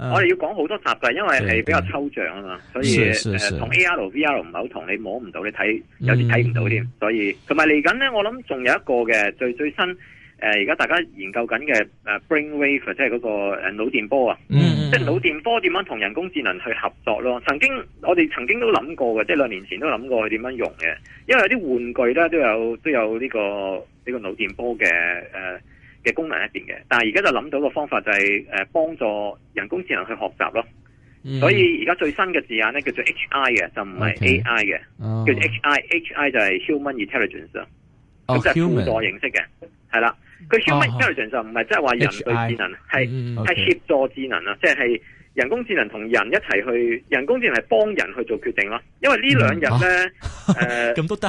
Uh, 我哋要講好多集噶，因為係比較抽象啊嘛，uh, 所以誒同 AR、VR 唔係好同，你摸唔到，你睇有啲睇唔到添，uh, 所以同埋嚟緊咧，我諗仲有一個嘅最最新誒，而、呃、家大家研究緊嘅誒 brain wave，即係嗰個誒腦電波啊，uh, 即係腦電波點樣同人工智能去合作咯？曾經我哋曾經都諗過嘅，即係兩年前都諗過點樣用嘅，因為有啲玩具咧都有都有呢個呢個腦電波嘅誒。呃嘅功能一邊嘅，但係而家就諗到個方法就係誒幫助人工智能去學習咯，嗯、所以而家最新嘅字眼咧叫做 HI 嘅，就唔係 AI 嘅，okay. oh. 叫做 HI HI 就係 human intelligence 啊，即係輔助形式嘅，係啦、oh,，佢、oh, human、啊、intelligence 就唔係即係話人類智能，係係協助智能啊，即、就、係、是、人工智能同人一齊去，人工智能係幫人去做決定咯，因為兩人呢兩日咧誒咁都得。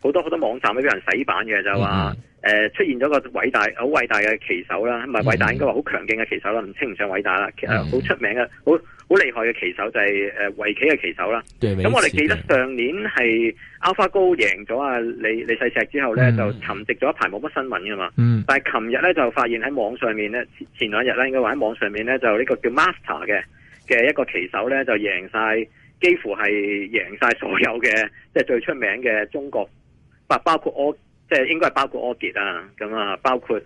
好多好多網站都俾人洗版嘅，就話誒出現咗個偉大、好偉大嘅棋手啦，唔係偉大應該話好強勁嘅棋手啦，唔稱唔上偉大啦，其實好出名嘅、好好厲害嘅棋手就係誒圍棋嘅棋手啦。咁我哋記得上年係 AlphaGo 贏咗阿李李世石之後咧，就沉寂咗一排冇乜新聞嘅嘛。但係琴日咧就發現喺網上面咧，前兩日咧應該話喺網上面咧就呢個叫 Master 嘅嘅一個棋手咧就贏晒幾乎係贏晒所有嘅即係最出名嘅中國，包括柯，即係應該係包括柯潔啊，咁啊，包括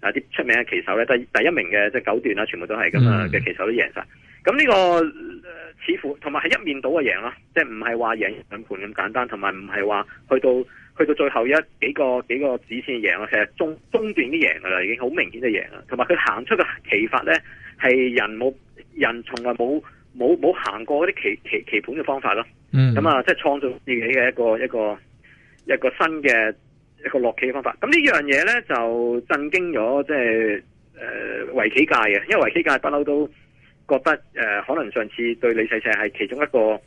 啊啲出名嘅棋手咧，第第一名嘅即係九段啦，全部都係咁啊嘅棋手都贏晒。咁呢、呢個、呃、似乎同埋係一面倒嘅贏咯，即係唔係話贏兩盤咁簡單，同埋唔係話去到去到最後一幾個幾個子先贏咯。其實中中段已經贏噶啦，已經好明顯就贏啦。同埋佢行出嘅棋法咧，係人冇人從來冇冇冇行過嗰啲棋棋棋盤嘅方法咯。嗯、mm，咁、hmm. 啊，即係創造自己嘅一個一個。一個一個新嘅一個落棋嘅方法，咁呢樣嘢呢，就震驚咗即係誒圍棋界嘅，因為圍棋界不嬲都覺得誒、呃、可能上次對李世石係其中一個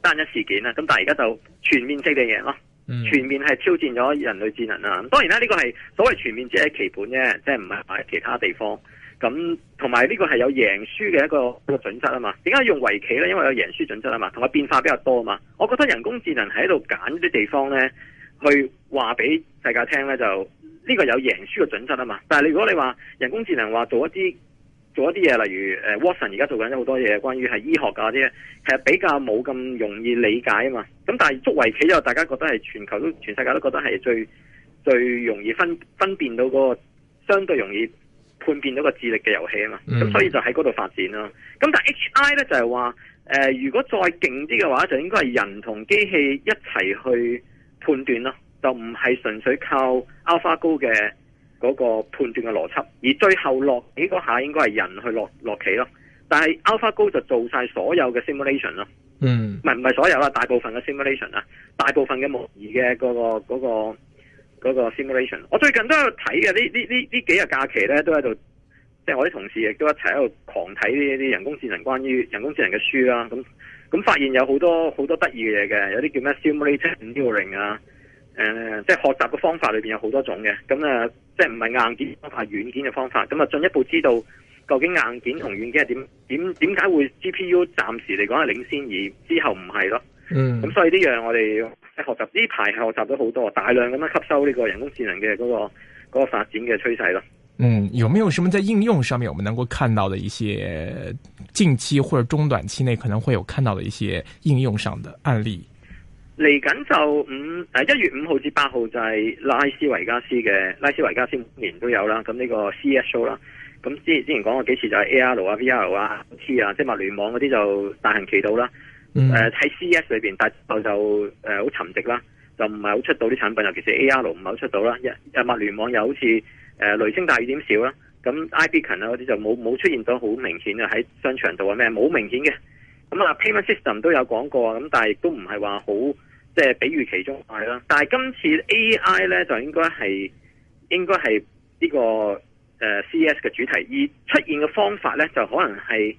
單一事件啦，咁但係而家就全面性嘅嘢咯，嗯、全面係挑戰咗人類智能啦！咁當然啦，呢個係所謂全面只係棋盤啫，即係唔係話其他地方。咁同埋呢個係有贏輸嘅一個個準則啊嘛？點解用圍棋呢？因為有贏輸準則啊嘛，同埋變化比較多啊嘛。我覺得人工智能喺度揀啲地方呢，去話俾世界聽呢，就呢個有贏輸嘅準則啊嘛。但係如果你話人工智能話做一啲做一啲嘢，例如 Watson 而家做緊好多嘢，關於係醫學嗰啲，係比較冇咁容易理解啊嘛。咁但係捉圍棋就大家覺得係全球都全世界都覺得係最最容易分分辨到嗰個，相對容易。判變咗個智力嘅遊戲啊嘛，咁所以就喺嗰度發展咯。咁但係 H I 咧就係話，誒、呃、如果再勁啲嘅話，就應該係人同機器一齊去判斷咯，就唔係純粹靠 Alpha Go 嘅嗰個判斷嘅邏輯。而最後落棋嗰下應該係人去落落棋咯，但係 Alpha Go 就做晒所有嘅 simulation 咯。嗯，唔係唔係所有啦，大部分嘅 simulation 啦，大部分嘅模擬嘅嗰個嗰個。嗰個嗰個 simulation，我最近都有睇嘅，呢呢呢幾日假期咧都喺度，即係我啲同事亦都一齊喺度狂睇呢啲人工智能關於人工智能嘅書啦。咁咁發現有好多好多得意嘅嘢嘅，有啲叫咩 simulation training 啊，誒，即係學習嘅方法裏面有好多種嘅。咁啊，即係唔係硬件方法、軟件嘅方法？咁啊，進一步知道究竟硬件同軟件係點點點解會 GPU 暫時嚟講係領先，而之後唔係咯？嗯，咁所以呢樣我哋喺學習呢排係學習咗好多，大量咁樣吸收呢個人工智能嘅嗰個個發展嘅趨勢咯。嗯，有冇有什麼在應用上面，我們能夠看到的一些近期或者中短期內可能會有看到的一些應用上的案例？嚟緊、嗯、就五誒一月五號至八號就係拉斯維加斯嘅拉斯維加斯每年都有啦。咁呢個 C S O 啦，咁即係之前講過幾次就係 A R 啊、V R 啊、T 啊，即係物聯網嗰啲就大行其道啦。誒喺 CES、嗯、裏邊，但就誒好沉寂啦，就唔係好出到啲產品，尤其是 AR 唔係好出到啦。日物聯網又好似誒雷聲大雨點少啦。咁 IB n 啊嗰啲就冇冇出現到好明顯喺商場度啊咩，冇明顯嘅。咁啊 Payment System 都有講過啊，咁但係都唔係話好即係比喻其中啦。但係今次 AI 咧就應該係應該係呢個 CES 嘅主題，而出現嘅方法咧就可能係。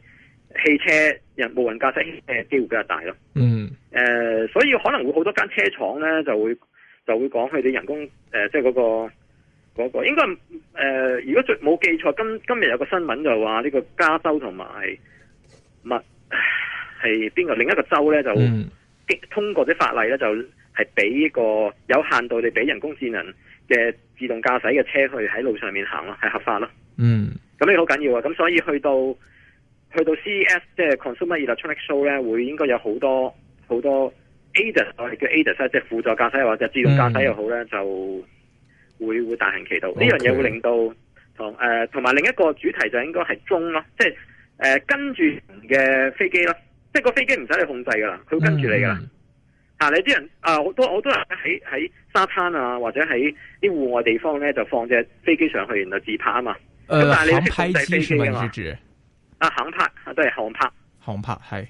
汽車人無人駕駛嘅機會比較大咯。嗯。誒、呃，所以可能會好多間車廠咧，就會就會講佢哋人工誒，即係嗰個嗰、那個應該誒、呃，如果最冇記錯，今今日有個新聞就話呢個加州同埋乜係邊個另一個州咧就、嗯、通過啲法例咧就係、是、俾一個有限度地俾人工智能嘅自動駕駛嘅車去喺路上面行咯，係合法咯。嗯。咁你好緊要啊！咁所以去到。去到 CES 即係 Consumer Electronic Show 咧，會應該有好多好多 ADAS 我哋叫 ADAS 即係輔助駕駛或者自動駕駛又好咧，就會會大行其道。呢樣嘢會令到同誒同埋另一個主題就應該係 Drone 咯，即係誒跟住嘅飛機啦，即係個飛機唔使你控制噶啦，佢會跟住你噶啦。吓、嗯、你啲人啊，好多好多人喺喺沙灘啊或者喺啲戶外地方咧，就放隻飛機上去，然後自拍啊嘛。咁、呃、但係你啲控制飛機噶嘛。呃啊，航拍啊，都係航拍，航拍係。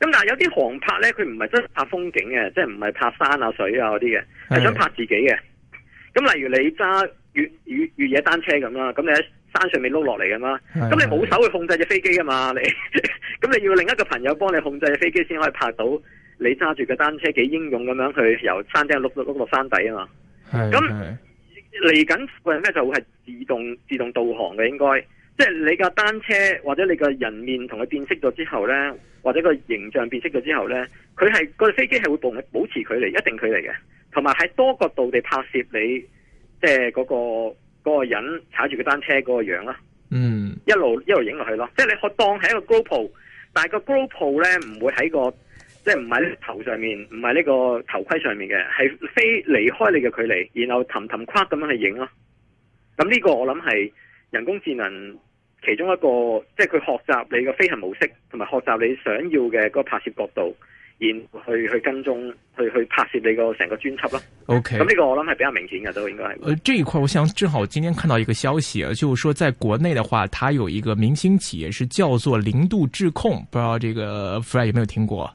咁嗱，嗯、但有啲航拍咧，佢唔係真係拍風景嘅，即係唔係拍山啊、水啊嗰啲嘅，係是想拍自己嘅。咁、嗯、例如你揸越越越野單車咁啦，咁、嗯、你喺山上面碌落嚟噶嘛，咁是、嗯、你冇手去控制隻飛機噶嘛，你，咁、 嗯、你要另一個朋友幫你控制隻飛機先可以拍到你揸住個單車幾英勇咁樣去由山頂碌到碌落山底啊嘛。咁嚟緊嗰陣咧就會係自動自動導航嘅應該。即係你架單車或者你個人面同佢變色咗之後呢，或者個形象變色咗之後呢，佢係嗰架飛機係會保保持距離，一定距離嘅，同埋喺多角度地拍攝你，即係嗰個嗰個人踩住個單車嗰個樣啦。嗯，一路一路影落去咯。即係你可當係一個 GoPro，但係個 GoPro 呢唔會喺個即係唔喺頭上面，唔喺呢個頭盔上面嘅，係飛離開你嘅距離，然後氹氹跨咁樣去影咯。咁呢個我諗係。人工智能其中一個即係佢學習你嘅飛行模式，同埋學習你想要嘅嗰個拍攝角度，然後去去跟蹤，去去拍攝你的整個成個專輯咯。OK，咁呢個我諗係比較明顯嘅都應該係。誒、呃，呢一塊我想正好今天看到一個消息，就係、是、說在國內嘅話，它有一個明星企業，是叫做零度智控，不知道這個 Fred 有冇有冇聽過？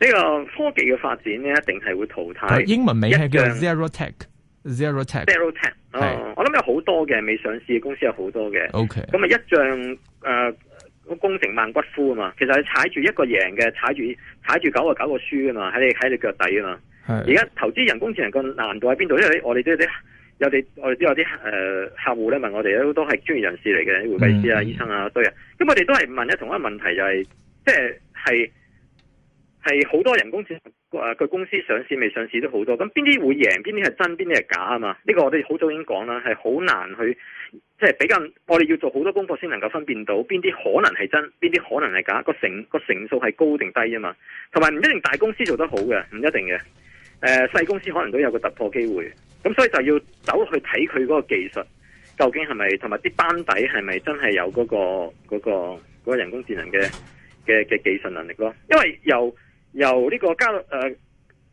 呢個科技嘅發展呢，一定係會淘汰。英文名係叫做 Zero Tech, Zero Tech，Zero Tech，Zero Tech。我諗有好多嘅未上市嘅公司有好多嘅。O K。咁啊一將誒，功成萬骨枯啊嘛。其實你踩住一個贏嘅，踩住踩住九個九個輸啊嘛，喺你喺你腳底啊嘛。而家的投資人工智能個難度喺邊度？的因為我哋都有啲有啲我哋都有啲誒客戶咧問我哋都都係專業人士嚟嘅，啲會計師啊、嗯、醫生啊，對啊。咁我哋都係問一同一個問題就係、是，即係係。係好多人工智能，誒佢公司上市未上市都好多，咁邊啲會贏，邊啲係真，邊啲係假啊嘛？呢個我哋好早已經講啦，係好難去即係比較，我哋要做好多功課先能夠分辨到邊啲可能係真，邊啲可能係假，個成個成數係高定低啊嘛？同埋唔一定大公司做得好嘅，唔一定嘅，誒細公司可能都有個突破機會，咁所以就要走去睇佢嗰個技術究竟係咪，同埋啲班底係咪真係有嗰個嗰個嗰個人工智能嘅嘅嘅技術能力咯，因為又。由呢個加誒、呃、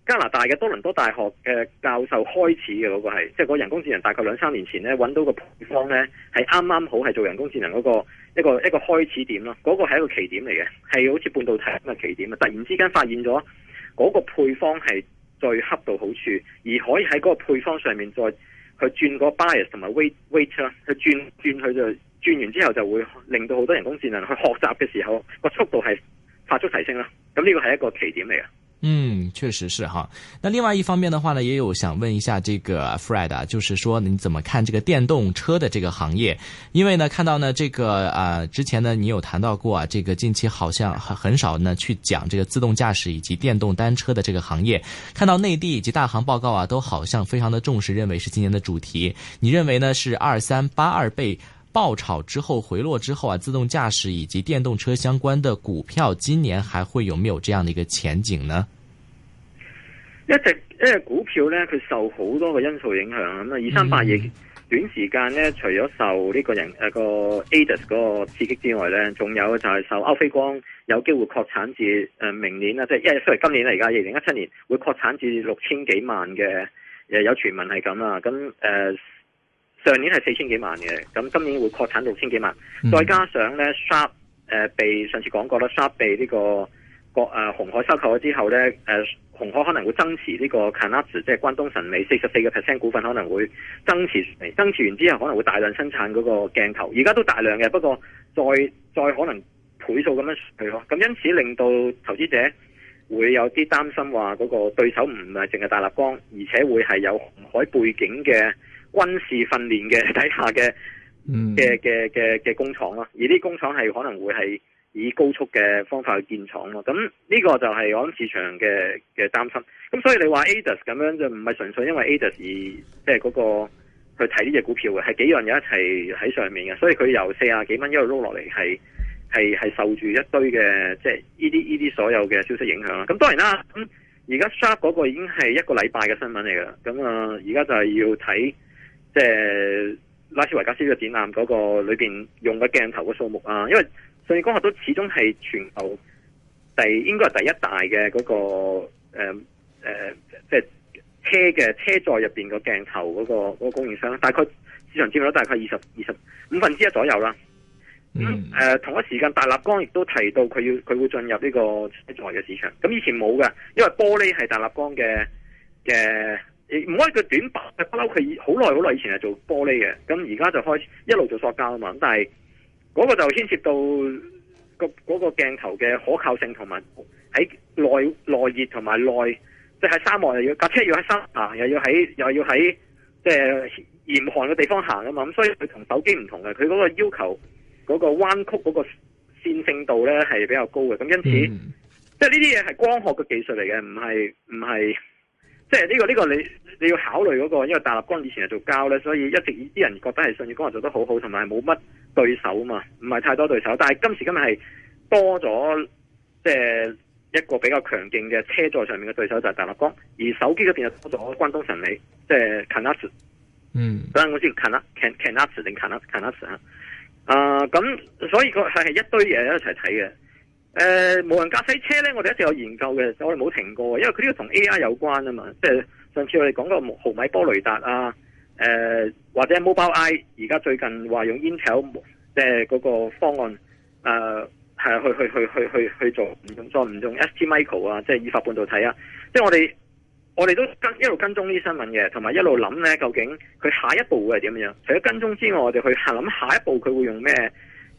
加拿大嘅多倫多大學嘅教授開始嘅嗰個係，即、就、係、是、個人工智能大概兩三年前咧揾到個配方咧，係啱啱好係做人工智能嗰個一個一個開始點咯。嗰、那個係一個奇點嚟嘅，係好似半導體咁嘅奇點啊！突然之間發現咗嗰個配方係最恰到好處，而可以喺嗰個配方上面再去轉個 bias 同埋 weight weight 去轉轉去就轉完之後就會令到好多人工智能去學習嘅時候、那個速度係。快出提升啊，咁呢個係一個起點嚟嘅。嗯，確實是哈。那另外一方面的話呢，也有想問一下這個 Fred 啊，就是說你怎麼看這個電動車的這個行業？因為呢，看到呢這個，呃，之前呢你有談到過啊，這個近期好像很很少呢去講這個自動駕駛以及電動單車的這個行業。看到內地以及大行報告啊，都好像非常的重視，認為是今年的主題。你認為呢？是二三八二倍？爆炒之後回落之後啊，自動駕駛以及電動車相關嘅股票，今年還會有沒有這樣的一個前景呢？一只因為股票咧，佢受好多個因素影響咁啊。二三八二短時間咧，除咗受呢個人一、啊、個 ADAS 嗰個刺激之外咧，仲有就係受歐菲光有機會擴產至誒、呃、明年啊，即係因為雖然今年嚟噶二零一七年會擴產至六千幾萬嘅，誒、啊、有傳聞係咁啊，咁誒。呃上年係四千幾萬嘅，咁今年會擴產六千幾萬，嗯、再加上咧 Sharp，誒、呃、被上次講過啦，Sharp 被呢、呢個國誒鴻海收購咗之後咧，誒、呃、鴻海可能會增持呢個 Kanaz 即係關東神尾四十四個 percent 股份可能會增持，增持完之後可能會大量生產嗰個鏡頭，而家都大量嘅，不過再再可能倍數咁樣去咯，咁因此令到投資者會有啲擔心話嗰個對手唔係淨係大立光，而且會係有鴻海背景嘅。軍事訓練嘅底下嘅嘅嘅嘅嘅工廠咯，而啲工廠係可能會係以高速嘅方法去建廠咯。咁呢個就係我諗市場嘅嘅擔心。咁所以你話 Adidas 咁樣就唔係純粹因為 Adidas 而即係嗰個去睇呢隻股票嘅，係幾樣嘢一齊喺上面嘅。所以佢由四啊幾蚊一路撈落嚟，係係係受住一堆嘅即係呢啲呢啲所有嘅消息影響啦。咁當然啦，咁而家 Sharp 嗰個已經係一個禮拜嘅新聞嚟嘅。咁啊，而家就係要睇。即係拉斯維加斯嘅展覽嗰個裏邊用嘅鏡頭嘅數目啊，因為信義光學都始終係全球第應該係第一大嘅嗰、那個誒即係車嘅車載入邊個鏡頭嗰、那個那個供應商，大概市場佔有率咧大概二十二十五分之一左右啦。嗯誒、嗯呃，同一時間大立光亦都提到佢要佢會進入呢個車載嘅市場，咁以前冇嘅，因為玻璃係大立光嘅嘅。的唔可以個短板，不嬲佢好耐好耐以前係做玻璃嘅，咁而家就開始一路做塑膠啊嘛。咁但係嗰個就牽涉到個嗰個鏡頭嘅可靠性同埋喺耐耐熱同埋耐，即係、喺、沙漠又要架車要喺沙啊，又要喺又要喺即係嚴寒嘅地方行啊嘛。咁所以佢同手機唔同嘅，佢嗰個要求嗰、嗰個彎曲嗰個綫性度咧係比較高嘅。咁因此，嗯、即係呢啲嘢係光學嘅技術嚟嘅，唔係唔係。即係呢個呢、這個你你要考慮嗰、那個，因為大立光以前係做膠咧，所以一直啲人覺得係信譽講話做得好好，同埋冇乜對手啊嘛，唔係太多對手。但係今時今日係多咗，即係一個比較強勁嘅車載上面嘅對手就係、是、大立光，而手機嗰邊又多咗關東神美，即係 Canus 嗯，等陣我先 Canus 定 Canus 啊，啊咁，所以佢係一堆嘢一齊睇嘅。誒、呃，無人駕駛車咧，我哋一直有研究嘅，我哋冇停過，因為佢呢個同 AI 有關啊嘛，即係上次我哋講個毫米波雷達啊，誒、呃，或者 Mobileye，而家最近話用 Intel，即係嗰個方案，誒、呃，係去去去去去去做，唔用，再唔用，ST Micro 啊，即係意法半導體啊，即係我哋，我哋都跟一路跟蹤呢啲新聞嘅，同埋一路諗咧，究竟佢下一步會係點樣？除咗跟蹤之外，我哋去諗下一步佢會用咩？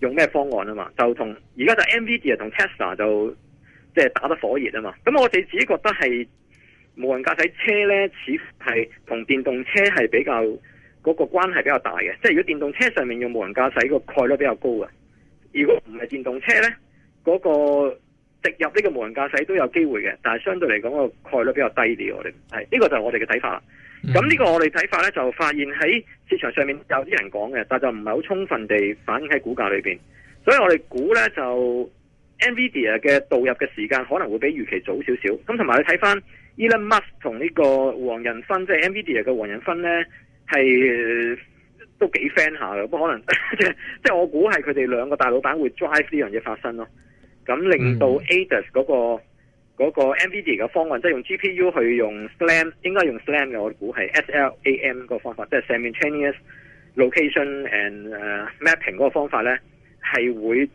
用咩方案啊嘛？就同而家就 NVIDIA 同 Tesla 就即係、就是、打得火熱啊嘛。咁我哋自己覺得係無人駕駛車咧，似乎係同電動車係比較嗰、那個關係比較大嘅。即係如果電動車上面用無人駕駛個概率比較高嘅，如果唔係電動車咧，嗰、那個植入呢個無人駕駛都有機會嘅，但係相對嚟講個概率比較低啲。我哋係呢個就係我哋嘅睇法啦。咁呢個我哋睇法咧，就發現喺市場上面有啲人講嘅，但就唔係好充分地反映喺股價裏面。所以我哋估咧就 NVIDIA 嘅導入嘅時間可能會比預期早少少。咁同埋你睇翻 Elon Musk 同、就是、呢個黃仁勳，即係 NVIDIA 嘅黃仁勳咧，係都幾 friend 下嘅。不過可能即即 我估係佢哋兩個大老闆會 drive 呢樣嘢發生咯。咁令到 ADAS、那、嗰個。嗰個 NVIDIA 嘅方案即係用 GPU 去用 SLAM，應該用 SLAM 嘅，我估係 SLAM 個方法，即係 Si、uh, Simultaneous Location and Mapping 嗰個方法咧，係會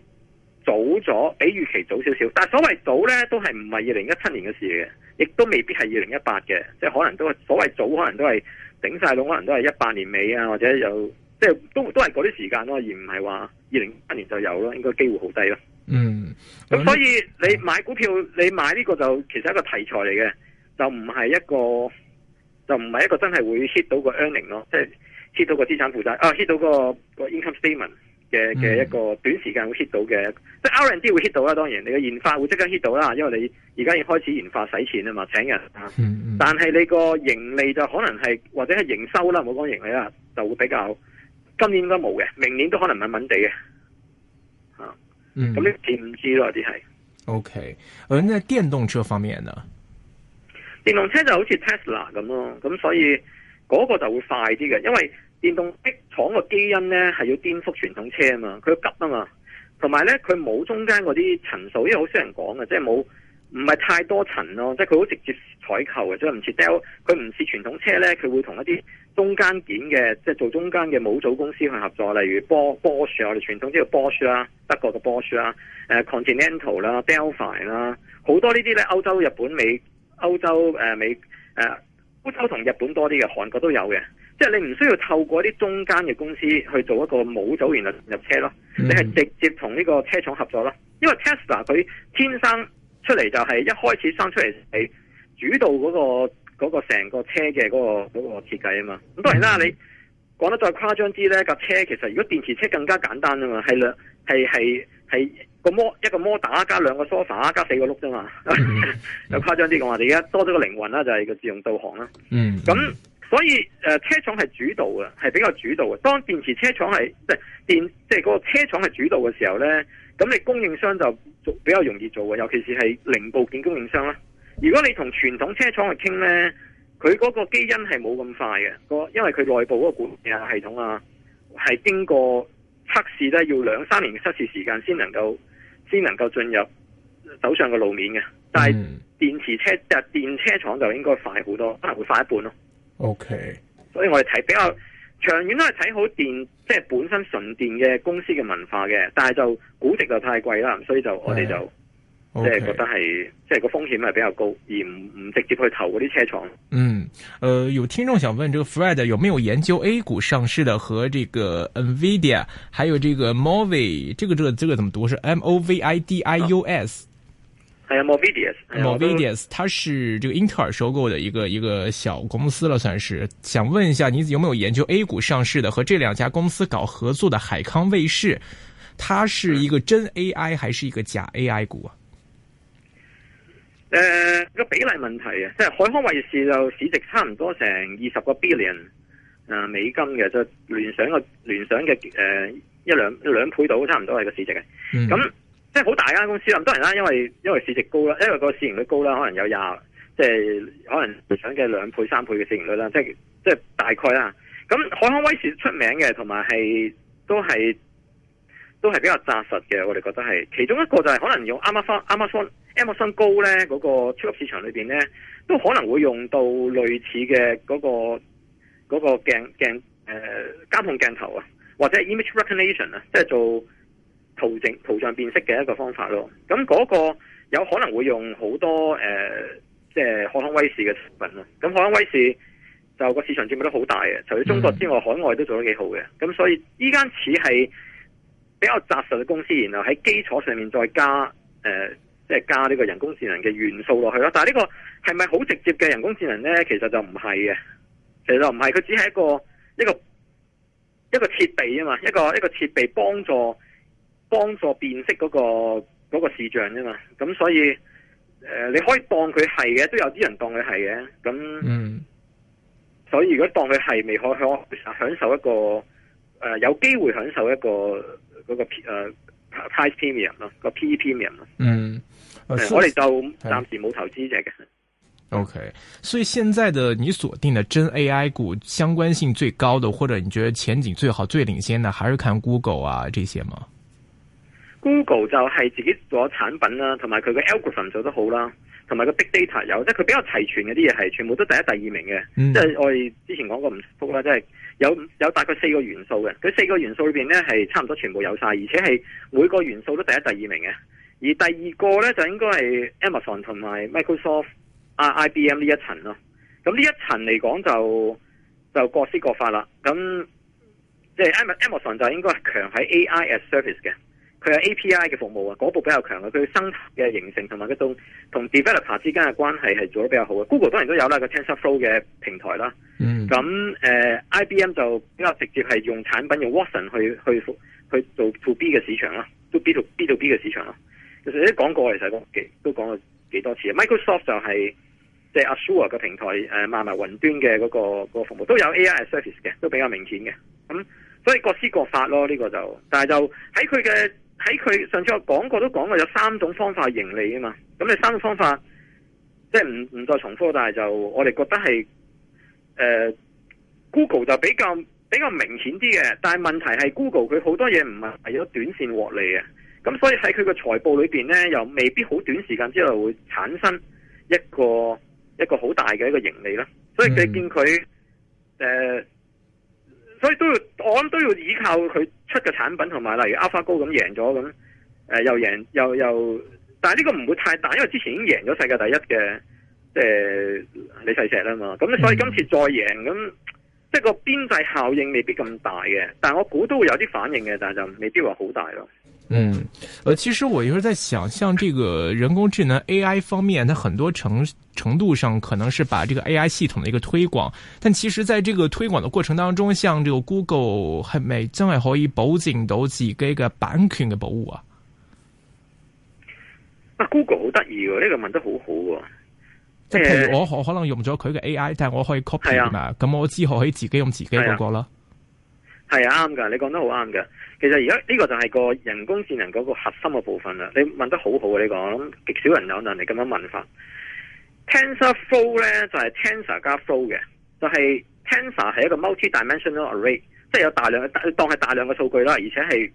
早咗，比預期早少少。但所謂早咧，都係唔係二零一七年嘅事嚟嘅，亦都未必係二零一八嘅，即係可能都係所謂早可，可能都係頂晒到，可能都係一八年尾啊，或者有即係都都係嗰啲時間咯，而唔係話二零一八年就有咯，應該機會好低咯。嗯，咁所以你買股票，嗯、你買呢個就其實係一個題材嚟嘅，就唔係一個，就唔係一個真係會 hit 到個 earning 咯，即係 hit 到個資產負債啊，hit 到、個個 income statement 嘅嘅一個短時間會 hit 到嘅，嗯、即係 R&D 會 hit 到啦，當然你嘅研發會即刻 hit 到啦，因為你而家要開始研發使錢啊嘛，請人啊，嗯嗯、但係你個盈利就可能係或者係營收啦，唔好講盈利啦，就會比較今年應該冇嘅，明年都可能慢慢哋嘅。嗯，咁你知唔知咯，啲係。OK，而喺電動車方面呢？電動車就好似 Tesla 咁咯，啊，咁所以嗰個就會快啲嘅，因為電動廠個基因呢係要顛覆傳統車啊嘛，佢急啊嘛，同埋呢，佢冇中間嗰啲層數，因為好少人講嘅，即係冇。唔係太多層咯，即係佢好直接採購嘅，即係唔似 Del，佢唔似傳統車咧，佢會同一啲中間件嘅，即係做中間嘅模組公司去合作，例如 Bo Bosch 啊，我哋傳統知道 Bosch 啦，德國嘅 Bosch 啦，Continental 啦，Delphi 啦，好多呢啲咧歐洲、日本、美、歐洲誒美誒歐洲同日本多啲嘅，韓國都有嘅，即係你唔需要透過一啲中間嘅公司去做一個模組，然後入車咯，你係直接同呢個車廠合作咯，因為 Tesla 佢天生。出嚟就係一開始生出嚟係主導嗰、那個、那個成個車嘅嗰、那個、那個設計啊嘛，咁當然啦，你講得再誇張啲呢，架車其實如果電池車更加簡單啊嘛，係兩係係係個摩一個摩打加兩個梳化加四個轆啫嘛、嗯、 又誇張啲講話你而家多咗個靈魂啦就係、是、個自動導航啦，嗯，咁所以誒、呃、車廠係主導嘅係比較主導嘅當電池車廠係即係電即係嗰個車廠係主導嘅時候呢，咁你供應商就。比較容易做嘅，尤其是係零部件供應商啦。如果你同傳統車廠去傾呢，佢嗰個基因係冇咁快嘅，個因為佢內部嗰個管理系統啊，係經過測試呢，要兩三年嘅測試時間先能夠先能夠進入手上嘅路面嘅。但係電池車就、嗯、電車電廠就應該快好多，可能會快一半咯。OK，所以我哋睇比較。長遠都係睇好電，即係本身純電嘅公司嘅文化嘅，但係就估值就太貴啦，所以就我哋就對即係覺得係 Okay. 即係個風險係比較高，而唔唔直接去投嗰啲車廠。嗯，誒、呃，有聽眾想問，這個 Fred 有沒有研究 A 股上市嘅？和這個 Nvidia，還有這個 Movie，這個這個這個怎麼讀？是 M O V I D I U S。 啊 I m o v i d i a Nvidia，它是這個英特爾收購的一個一個小公司了，算是。想問一下，你有沒有研究 A 股上市的和這兩家公司搞合作的海康威視？它是一個真 AI 還是一個假 AI 股啊？誒、嗯，個、呃、比例問題啊，即係海康威視就市值差唔多成二十個 billion 誒美金嘅，即、就是、聯想個聯想嘅誒、呃、一兩兩倍到，差唔多係個市值嘅，咁、嗯。即係好大間公司啦，咁當然啦，因為因為市值高啦，因為個市盈率高啦，可能有廿即係可能想嘅兩倍、三倍嘅市盈率啦，即係即係大概啦。咁海康威視出名嘅，同埋係都係都係比較紮實嘅，我哋覺得係其中一個就係可能用 Amazon, Amazon Amazon 高咧嗰個超級市場裏面咧，都可能會用到類似嘅嗰個嗰個鏡鏡、呃、監控鏡頭啊，或者 image recognition 啊，即係做。圖像圖像辨識嘅一個方法咯，咁嗰個有可能會用好多誒、呃，即係海康威視嘅產品咯。咁海康威視就個市場占據都好大嘅，除咗中國之外，海外都做得幾好嘅。咁所以呢間似係比較紮實嘅公司，然後喺基礎上面再加誒，即、呃、係、就是、加呢個人工智能嘅元素落去咯。但係呢個係咪好直接嘅人工智能呢？其實就唔係嘅，其實就唔係，佢只係一個一個一個設備啊嘛，一個一個設備幫助。幫助辨識嗰個嗰個視像啫嘛，咁所以誒你可以當佢係嘅，都有啲人當佢係嘅，咁，嗯、所以如果當佢係未可享享受一個誒、呃、有機會享受一個嗰個 P 誒 price premium 咯個 PE premium 咯，嗯，我哋就暫時冇投資者嘅。嗯、OK，所以現在的你鎖定的真 A I 股相關性最高的，或者你覺得前景最好、最領先的，還是看 Google 啊這些嗎？Google 就係自己做咗產品啦，同埋佢個 algorithm 做得好啦，同埋個 big data 有，即係佢比較齊全嘅啲嘢係，全部都第一、第二名嘅。即係、嗯、我哋之前講過唔福啦，即、就、係、是、有有大概四個元素嘅，佢四個元素裏邊咧係差唔多全部有晒，而且係每個元素都第一、第二名嘅。而第二個咧就應該係 Amazon 同埋 Microsoft、啊、I IBM 呢一層咯。咁呢一層嚟講就就各施各法啦。咁即係 Am Amazon 就應該係強喺 AI as a service 嘅。佢有 API 嘅服務啊，嗰部比較強嘅，佢生嘅形成同埋嗰種同 developer 之間嘅關係係做得比較好嘅。Google 當然都有啦，個 TensorFlow 嘅平台啦。咁誒、mm hmm. 呃、IBM 就比較直接係用產品用 Watson 去去去做 to B 嘅市場啦，to B 到 B 2 B 嘅市場啦、就是。其實你都講過其實講幾都講過幾多次。Microsoft 就係即係 Azure 嘅平台誒、呃、賣埋雲端嘅嗰、那個那個服務都有 AI service 嘅，都比較明顯嘅。咁所以各施各法咯，呢、這個就，但係就喺佢嘅。喺佢上次我講過都講過有三種方法盈利啊嘛，咁你三種方法即係唔唔再重複，但係就我哋覺得係誒、呃、Google 就比較比較明顯啲嘅，但係問題係 Google 佢好多嘢唔係為咗短線獲利嘅，咁所以喺佢個財報裏面呢，又未必好短時間之內會產生一個一個好大嘅一個盈利啦，所以佢見佢誒。嗯呃所以都要，我諗都要依靠佢出嘅產品同埋，還有例如 AlphaGo 咁贏咗咁，誒、呃、又贏又又，但係呢個唔會太大，因為之前已經贏咗世界第一嘅，即係李世石啦嘛。咁所以今次再贏咁，即係個邊際效應未必咁大嘅。但係我估都會有啲反應嘅，但係就未必話好大咯。嗯，呃，其實我而家在想，像這個人工智能 AI 方面，它很多程程度上，可能是把這個 AI 系統的一個推廣，但其實在這個推廣的過程當中，像這個 Google 係咪真係可以保證到自己嘅版權嘅保護啊？啊，Google 好得意喎，呢個問得好好喎，即係我可可能用咗佢嘅 AI，但係我可以 copy 啊、哎呀，咁我之後可以自己用自己嗰個咯。哎係啱噶，你講得好啱噶。其實而家呢個就係個人工智能嗰個核心嘅部分啦。你問得好好啊！你講我諗極少人有能力咁樣問法。Tensor flow 咧就係 tensor 加 flow 嘅，就係 tensor 係一個 multi-dimensional array，即係有大量嘅當係大量嘅數據啦，而且係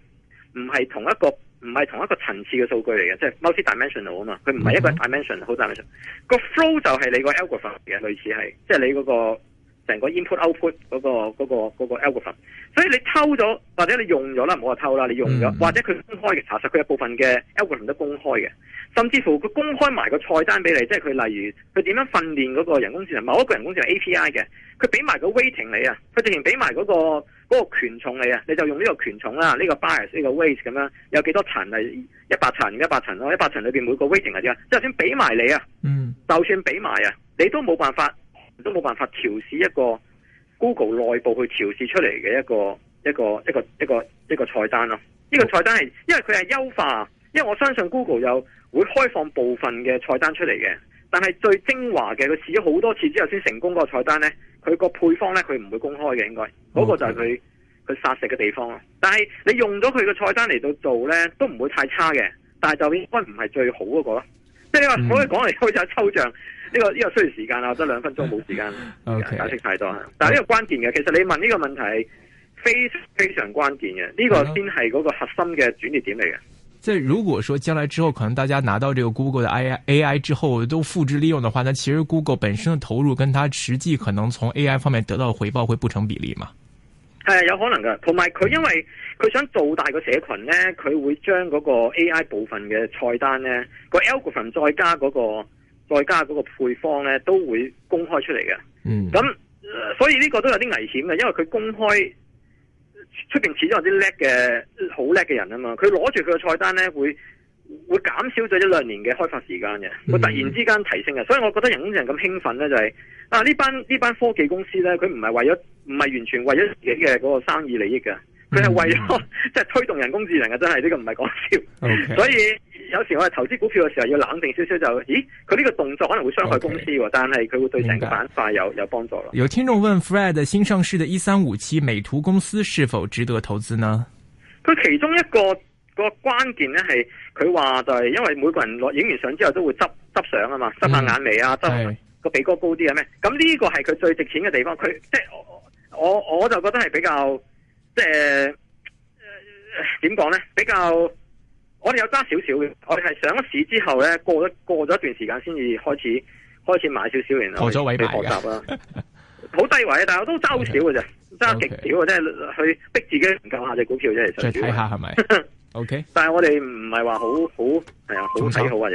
唔係同一個唔係同一個層次嘅數據嚟嘅，即係 multi-dimensional 啊嘛。佢唔係一個 dimension，好 dimension、mm。Hmm. 個 flow 就係你個 algorithm 嘅，類似係即係你嗰個。成個 input output 嗰個嗰個嗰個 algorithm，所以你偷咗或者你用咗啦，唔好話偷啦，你用咗或者佢公開嘅查實，佢一部分嘅 algorithm 都公開嘅，甚至乎佢公開埋個菜單俾你，即係佢例如佢點樣訓練嗰個人工智能，某一個人工智能 API 嘅，佢俾埋個 weighting 你啊、嗰個，佢直情俾埋嗰個權重你啊，你就用呢個權重啦，呢個 bias 呢個 weight 咁樣，有幾多層啊？一百層，一百層咯，一百層裏面每個 weighting 係點啊，即係就算俾埋你啊，嗯，就算俾埋啊，你都冇辦法。都冇辦法調試一個 Google 內部去調試出嚟嘅一個一個一個一個一個，一個菜單咯。呢個菜單係因為佢係優化，因為我相信 Google 又會開放部分嘅菜單出嚟嘅。但係最精華嘅佢試咗好多次之後先成功嗰個菜單呢，佢個配方呢，佢唔會公開嘅。應該嗰個就係佢佢殺食嘅地方咯。但係你用咗佢個菜單嚟到做呢，都唔會太差嘅。但係就應該唔係最好嗰個咯。即係你話可以講嚟開就抽象。呢、這個呢、這個需要時間啦，得兩分鐘，冇時間 Okay. 解釋太多，但係呢個關鍵嘅，其實你問呢個問題非常非常關鍵嘅，呢、這個先係嗰個核心嘅轉折點嚟嘅。即係、嗯、如果說將來之後，可能大家拿到這個 Google 的 AI AI 之後都複製利用的話，那其實 Google 本身的投入跟它實際可能從 AI 方面得到回報會不成比例嘛？係有可能噶，同埋佢因為佢想做大個社群呢，佢、嗯、會將嗰個 AI 部分嘅菜單呢個 algorithm 再加嗰、那個。再加嗰個配方咧，都會公開出嚟嘅。嗯、咁、所以呢個都有啲危險嘅，因為佢公開出邊，始終有啲叻嘅、好叻嘅人啊嘛。佢攞住佢嘅菜單咧，會會減少咗一兩年嘅開發時間嘅。會突然之間提升嘅，所以我覺得人工智能咁興奮咧，就係、是、啊呢班呢班科技公司咧，佢唔係為咗唔係完全為咗自己嘅嗰個生意利益嘅，佢係為咗即係推動人工智能嘅，真係呢、這個唔係講笑。okay. 所以。有時我哋投資股票嘅時候要冷靜少少就，咦，佢呢個動作可能會傷害公司，Okay. 但係佢會對成個板塊有白有幫助咯。有聽眾問，Fred 新上市嘅一三五七美圖公司是否值得投資呢？佢其中一個一個關鍵咧係，佢話就係因為每個人攞影完相之後都會執執相啊嘛，執下眼眉啊，執個鼻哥高啲啊咩？咁呢個係佢最值錢嘅地方，佢即係我我就覺得係比較即係點講呢？比較。我哋有揸少少嘅，我哋係上市之後咧，過咗過咗一段時間先至開始開始買少少，然後破咗位嚟學習啦，好低位，但係我都揸好少嘅啫，揸極 Okay. Okay. 少啊，真係去逼自己研究下隻股票啫，其實再睇下係咪？OK， 但係我哋唔係話好好，係啊，好睇好或者。